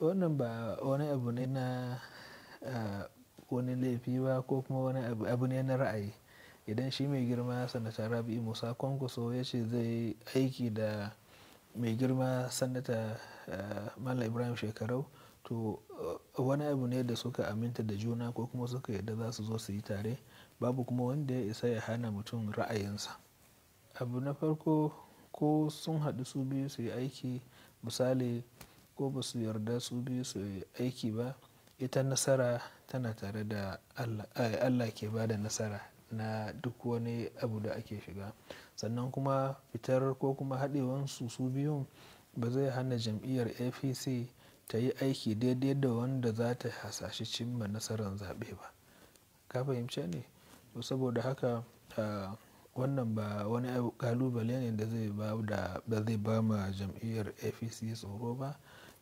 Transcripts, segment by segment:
Wannan ba wani abu ne na, eh, wani laifi ba ko kuma wani abu, ne na ra'ayi. Idan shi mai girma Sanata Rabi'u Musa Kwankwaso ya ce zai aiki da mai girma Sanata, eh, mala Ibrahim Shekarau to eh, wani abu ne da suka aminta da juna ko kuma suka yadda za su zo su yi tare. Babu kuma wanda ya isa ya hana mutum ra'ayinsa. Abu na farko ko sun haɗu su biyu su yi aiki misali. ko ba su yarda su biyu su aiki ba ita nasara tana tare da eh, allah ke ba da nasara na duk wani abu da ake shiga sannan kuma fitar ko kuma haɗewan su su biyun ba zai hana jam'iyyar apc ta yi aiki daidai da wanda za ta hasashi cimma nasarar zaɓe ba ka fahimce ne saboda haka wannan ba wani kalubale ne da zai ba ma jam'iyyar apc tsoro ba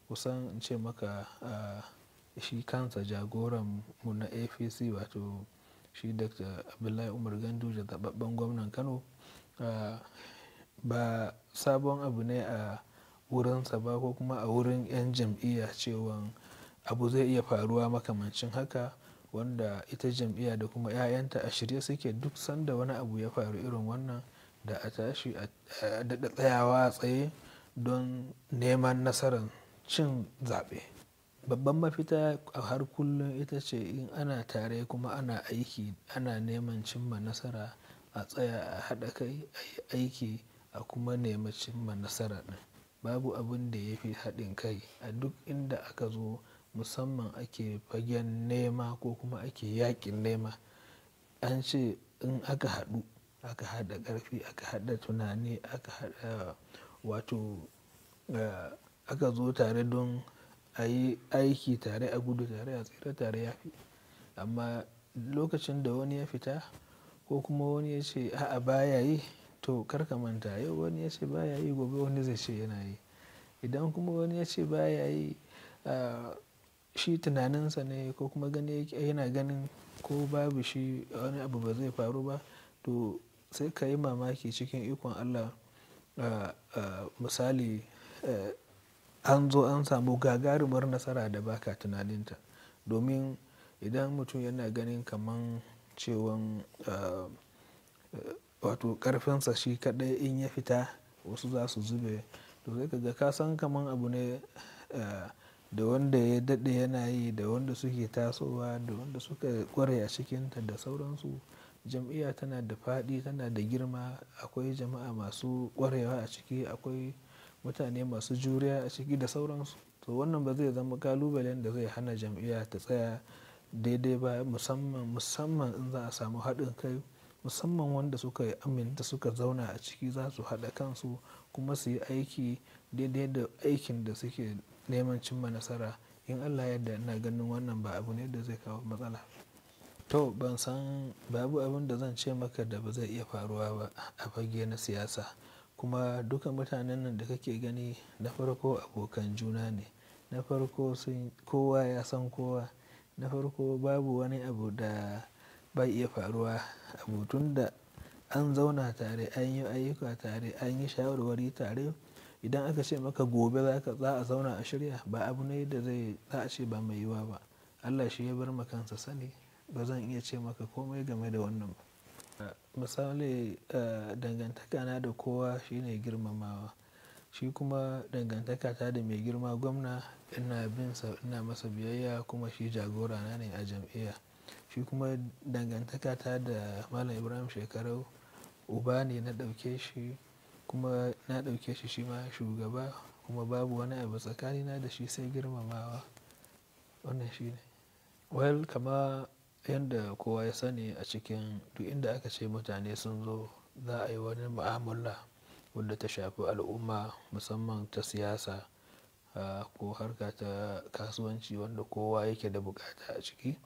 kusan in ce maka shi kansa jagoran mu na apc wato shi dr abdullahi umar gandu zababben gwamnan kano ba sabon abu ne a wurinsa ba ko kuma a wurin 'yan jam'iyya cewa abu zai iya faruwa makamancin haka wanda ita jam'iyya da kuma 'ya'yanta a shirye suke duk sanda wani abu ya faru irin wannan da a tashi a daɗa tsayawa tsaye don neman nasarar cin zaɓe babban mafita a har kullum ita ce in ana tare kuma ana aiki ana neman cimma nasara a tsaya a haɗa kai a yi aiki a kuma nema cimma nasara ɗin babu abin da ya fi haɗin kai a duk inda aka zo musamman ake fagen nema ko kuma ake yaƙin nema an ce in aka haɗu aka haɗa ƙarfi aka haɗa tunani aka haɗa wato eh, aka zo tare don a yi aiki tare a gudu tare a tsira tare ya fi amma lokacin da wani ya fita ko kuma wani ya ce a baya yi to karka manta yau wani ya ce baya yi gobe wani zai ce yana yi idan kuma wani ya ce baya yi shi tunaninsa ne ko kuma gani yana ganin ko babu shi wani abu ba zai faru ba to sai ka yi mamaki cikin ikon allah misali eh, an zo an samu gagarumar nasara da baka tunaninta domin idan mutum yana ganin kaman cewa eh, wato karfinsa shi kadai in ya fita wasu za su zube to sai kaga ka san kaman abu ne eh, da wanda ya daɗe yana yi da wanda suke tasowa da wanda suka kware a cikinta da sauransu jam'iyya tana da faɗi tana da girma akwai jama'a masu kwarewa a ciki akwai mutane masu juriya a ciki da sauransu to wannan ba zai zama kalubalen da zai hana jam'iyya ta tsaya daidai ba musamman musamman in za a samu haɗin kai musamman wanda suka yi aminta suka zauna a ciki za su haɗa kansu kuma su yi aiki daidai da aikin da suke neman cimma nasara in allah yadda ina ganin wannan ba abu ne da zai kawo matsala to ban san babu abin da zan ce maka da ba zai iya faruwa ba a fage na siyasa kuma duka mutanen nan da kake gani na farko abokan juna ne na farko sun kowa ya san kowa na farko babu wani abu da bai iya faruwa abu tun da an zauna tare an yi ayyuka tare an yi shawarwari tare idan aka ce maka gobe za a zauna a shirya ba abu ne da zai za a ce ba mai yiwa ba allah shi ya bar ma kansa sani ba zan iya ce maka komai game da wannan ba Misali eh, dangantaka na da kowa shine girmamawa. Shi kuma dangantaka ta da mai girma gwamna ina bin sa ina masa biyayya kuma shi jagora na ne a jam'iyya. Shi kuma dangantaka ta da Malam Ibrahim Shekarau uba ne na ɗauke shi kuma na ɗauke shi shi ma shugaba kuma babu wani abu tsakanina da shi sai girmamawa. Wannan shi ne. Well kama yanda kowa ya sani a cikin duk inda aka ce mutane sun zo za a yi wani mu'amala wadda ta shafi al'umma musamman ta siyasa ko harka ta kasuwanci wanda kowa yake da bukata a ciki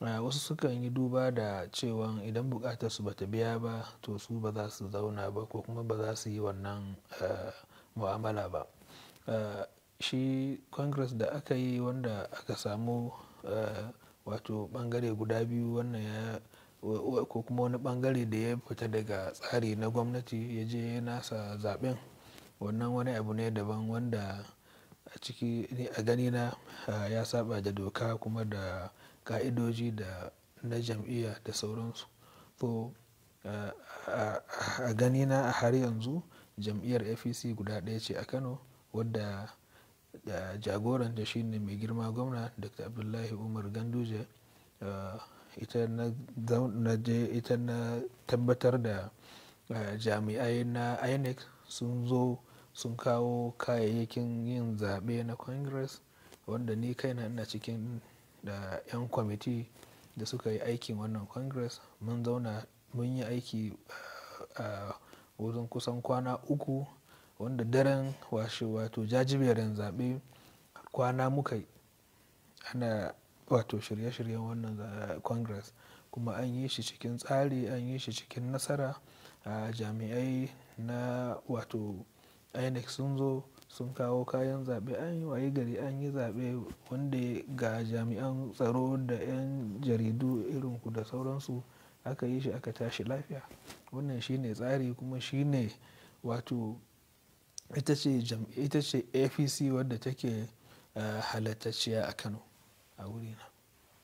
wasu sukan yi duba da cewa idan bukatar su bata biya ba to su ba za su zauna ba ko kuma ba za su yi wannan mu'amala ba shi congress da aka yi wanda aka samu wato bangare guda biyu wannan ya ko kuma wani bangare da ya fita daga tsari na gwamnati ya je nasa zaben wannan wani abu ne daban wanda a ciki a ganina ya saba da doka kuma da ka'idoji da na jam'iyya da sauransu to a ganina a har yanzu jam'iyyar apc guda ɗaya ce a kano wadda shi ne mai girma gwamna dr abdullahi umar ganduje ah, ita na tabbatar da ah, jami'ai na inec sun zo sun kawo kayayyakin yin zaɓe na congress wanda ni kaina ina cikin da 'yan kwamiti da suka yi aikin wannan congress mun zauna mun yi aiki a ah, wurin kusan kwana uku wanda daren washe wato jajiberin zaɓe kwana muka yi ana wato shirye-shiryen wannan congress kuma an yi shi cikin tsari an yi shi cikin nasara a jami'ai na wato inec sun zo sun kawo kayan zaɓe an yi waye gari an yi zaɓe wanda ga jami'an tsaro da 'yan jaridu irinku da sauransu aka yi shi aka tashi lafiya wannan shine tsari kuma shine wato ita ce ita ce apc wadda take eh, halattacciya a kano a wurina